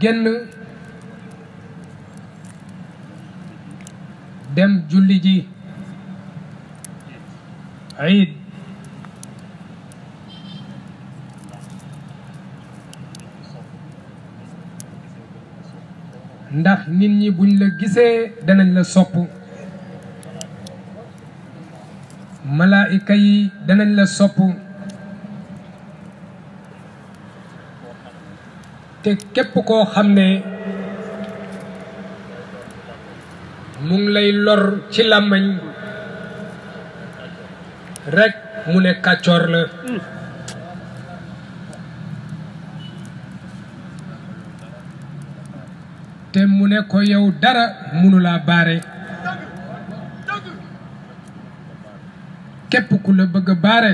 génn dem julli ji iid ndax nit ñi buñ la gisee danañ la sopp malaayika yi danañ la sopp te képp koo xam ne mu ngi lay lor ci làmmiñ rekk mu ne kàccoor la te mu ne ko yow dara mënu laa baare képp ku la bëgg a baare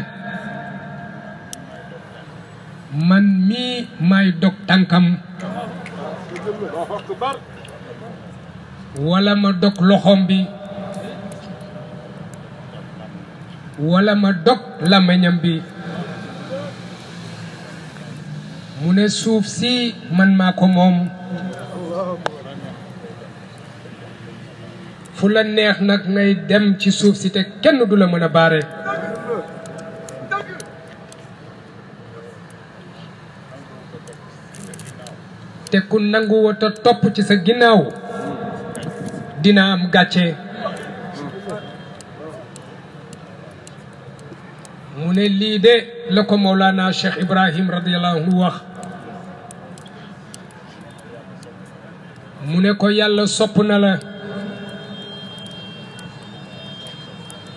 man mii may dog tànkam wala ma dog loxoom bi wala ma dog làmmiñam bi mu ne suuf si man maa ko moom fu la neex nag ngay dem ci suuf si te kenn du la mën a baare te ku nanguwut a topp ci sa ginnaaw dina am gàcce mu ne lii de la ko Mawlana Cheikh Ibrahim radiyallahu anhu wax mu ne ko yàlla sopp na la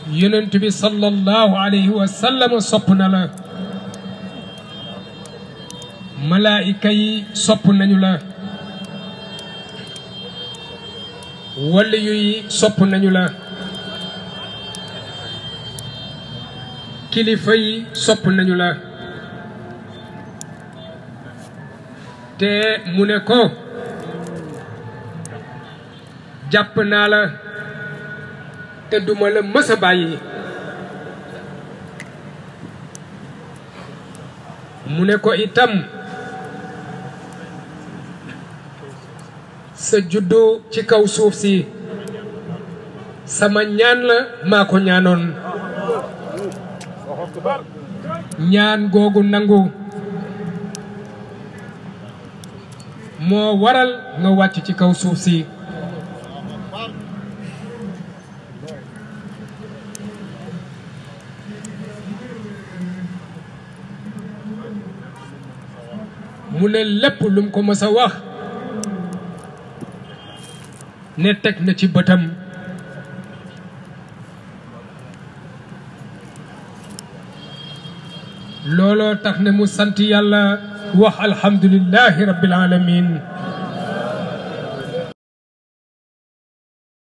yonent bi sallallahu alayhi wa sallam na la malaayika yi sopp nañu la waliyu yi sopp nañu la kilifa yi sopp nañu la te mu ne ko jàpp naa la te duma la mës bàyyi mu ne ko itam sa juddu ci kaw suuf si sama ñaan la maa ko ñaanoon ñaan googu nangu moo waral nga wàcc ci kaw suuf si mu ne lépp lum ko mës a wax ne teg na ci bëtam looloo tax ne mu sant yàlla wax alhamdulillahi rabbil alamin